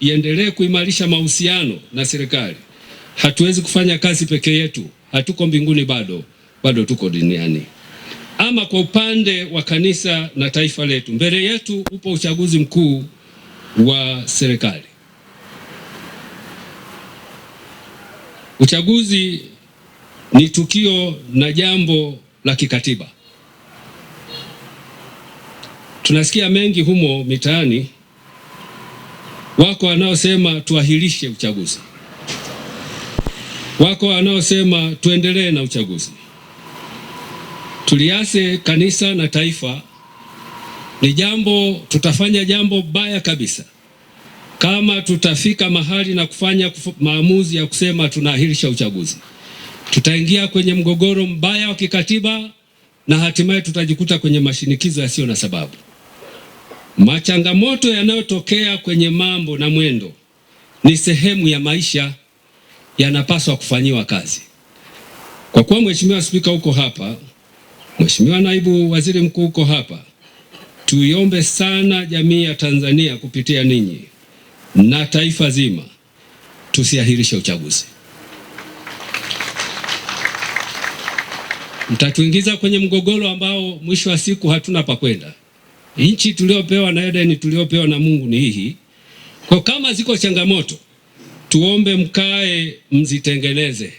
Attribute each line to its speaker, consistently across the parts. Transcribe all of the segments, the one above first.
Speaker 1: iendelee kuimarisha mahusiano na serikali. Hatuwezi kufanya kazi peke yetu, hatuko mbinguni bado, bado tuko duniani. Ama kwa upande wa kanisa na taifa letu, mbele yetu upo uchaguzi mkuu wa serikali. Uchaguzi ni tukio na jambo la kikatiba. Tunasikia mengi humo mitaani Wako wanaosema tuahirishe uchaguzi, wako wanaosema tuendelee na uchaguzi. Tuliase kanisa na taifa ni jambo, tutafanya jambo baya kabisa kama tutafika mahali na kufanya maamuzi ya kusema tunaahirisha uchaguzi. Tutaingia kwenye mgogoro mbaya wa kikatiba na hatimaye tutajikuta kwenye mashinikizo yasiyo na sababu. Machangamoto yanayotokea kwenye mambo na mwendo ni sehemu ya maisha, yanapaswa kufanyiwa kazi. Kwa kuwa Mheshimiwa Spika uko hapa, Mheshimiwa Naibu Waziri Mkuu uko hapa, tuiombe sana jamii ya Tanzania kupitia ninyi na taifa zima, tusiahirishe uchaguzi. Mtatuingiza kwenye mgogoro ambao mwisho wa siku hatuna pa kwenda. Nchi tuliopewa na Edeni tuliopewa na Mungu ni hii. Kwa kama ziko changamoto, tuombe mkae mzitengeneze.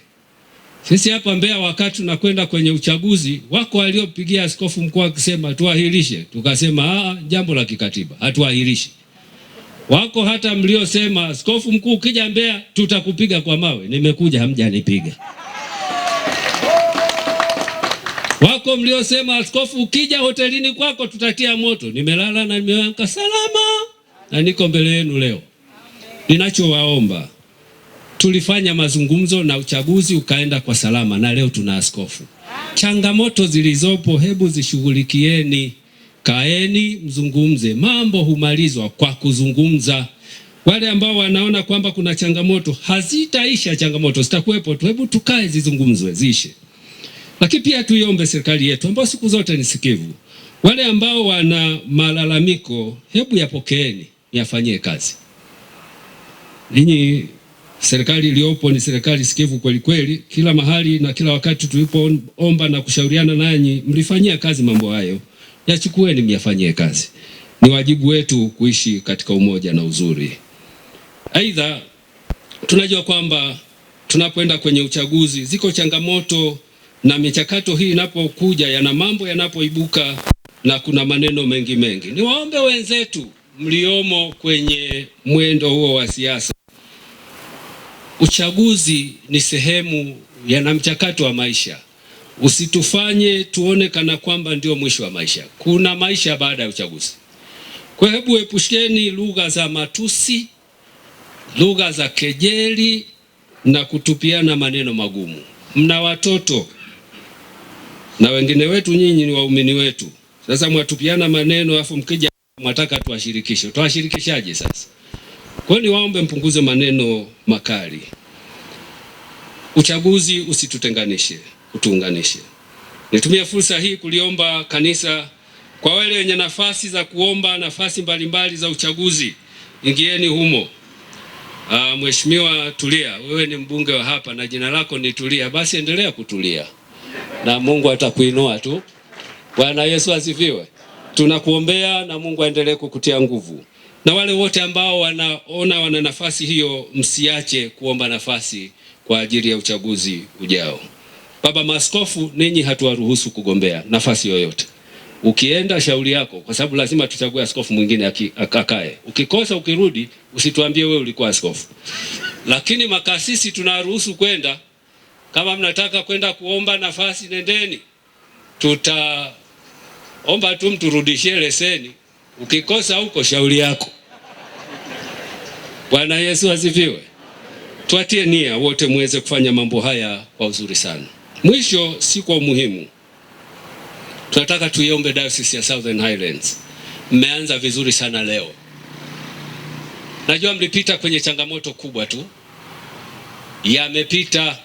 Speaker 1: Sisi hapa Mbeya wakati tunakwenda kwenye uchaguzi, wako waliopigia askofu mkuu akisema tuahirishe, tukasema ah, ah, jambo la kikatiba, hatuahirishi. Wako hata mliosema askofu mkuu ukija Mbeya tutakupiga kwa mawe. Nimekuja hamjanipiga. wako mliosema, askofu, ukija hotelini kwako tutatia moto. Nimelala na nimeamka salama na niko mbele yenu leo. Ninachowaomba, tulifanya mazungumzo na uchaguzi ukaenda kwa salama, na leo tuna askofu. Changamoto zilizopo hebu zishughulikieni. Kaeni mzungumze, mambo humalizwa kwa kuzungumza. Wale ambao wanaona kwamba kuna changamoto, hazitaisha changamoto, zitakuwepo tu. Hebu tukae, zizungumzwe, ziishe. Lakini pia tuiombe serikali yetu ambayo siku zote ni sikivu, wale ambao wana malalamiko, hebu yapokeeni, yafanyie kazi. Ninyi serikali iliyopo ni serikali sikivu kweli kweli, kila mahali na kila wakati tulipoomba na kushauriana nanyi, mlifanyia kazi mambo hayo. Yachukueni myafanyie kazi, ni wajibu wetu kuishi katika umoja na uzuri. Aidha, tunajua kwamba tunapoenda kwenye uchaguzi ziko changamoto na michakato hii inapokuja, yana mambo yanapoibuka na kuna maneno mengi mengi. Niwaombe wenzetu mliomo kwenye mwendo huo wa siasa, uchaguzi ni sehemu yana mchakato wa maisha, usitufanye tuone kana kwamba ndio mwisho wa maisha. Kuna maisha baada ya uchaguzi. Kwa hebu epusheni lugha za matusi, lugha za kejeli na kutupiana maneno magumu. Mna watoto na wengine wetu, nyinyi ni waumini wetu. Sasa mwatupiana maneno afu mkija mwataka tuwashirikishe, tuwashirikishaje? Sasa kwa hiyo niwaombe mpunguze maneno makali. Uchaguzi usitutenganishe, utuunganishe. Nitumie fursa hii kuliomba kanisa, kwa wale wenye nafasi za kuomba nafasi mbalimbali za uchaguzi, ingieni humo. Ah, Mheshimiwa Tulia, wewe ni mbunge wa hapa na jina lako ni Tulia, basi endelea kutulia na Mungu atakuinua tu. Bwana Yesu asifiwe. Tunakuombea na Mungu aendelee kukutia nguvu, na wale wote ambao wanaona wana nafasi hiyo, msiache kuomba nafasi kwa ajili ya uchaguzi ujao. Baba maaskofu, ninyi hatuwaruhusu kugombea nafasi yoyote. Ukienda shauri yako, kwa sababu lazima tuchague askofu mwingine akakae. Ukikosa ukirudi, usituambie wewe ulikuwa askofu, lakini makasisi tunaruhusu kwenda kama mnataka kwenda kuomba nafasi, nendeni. Tutaomba tu mturudishie leseni. Ukikosa huko, shauri yako. Bwana Yesu asifiwe. Tuatie nia wote muweze kufanya mambo haya kwa uzuri sana. Mwisho si kwa umuhimu, tunataka tuiombe Diocese ya Southern Highlands. Mmeanza vizuri sana leo, najua mlipita kwenye changamoto kubwa tu, yamepita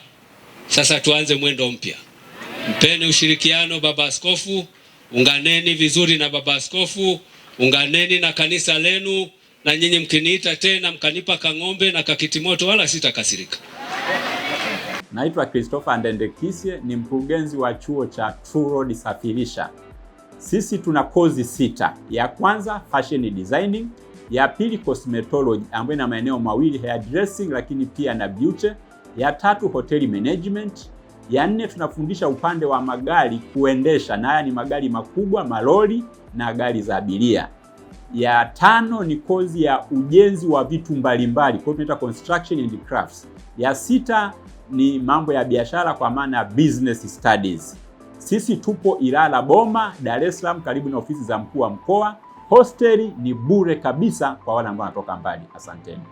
Speaker 1: sasa tuanze mwendo mpya. Mpeni ushirikiano baba askofu, unganeni vizuri na baba askofu, unganeni na kanisa lenu, na nyinyi mkiniita tena mkanipa kang'ombe na kakitimoto wala sitakasirika.
Speaker 2: Naitwa Christopher Ndendekisye, ni mkurugenzi wa chuo cha True Road Safirisha. Sisi tuna kozi sita. Ya kwanza fashion designing, ya pili cosmetology ambayo ina maeneo mawili hairdressing, lakini pia na beauty ya tatu hoteli management, ya nne tunafundisha upande wa magari kuendesha, na haya ni magari makubwa, malori na gari za abiria. Ya tano ni kozi ya ujenzi wa vitu mbalimbali, kwa hiyo tunaita construction and crafts. Ya sita ni mambo ya biashara kwa maana business studies. Sisi tupo Ilala Boma, Dar es Salaam, karibu na ofisi za mkuu wa mkoa. Hosteli ni bure kabisa kwa wale ambao wanatoka mbali. Asanteni.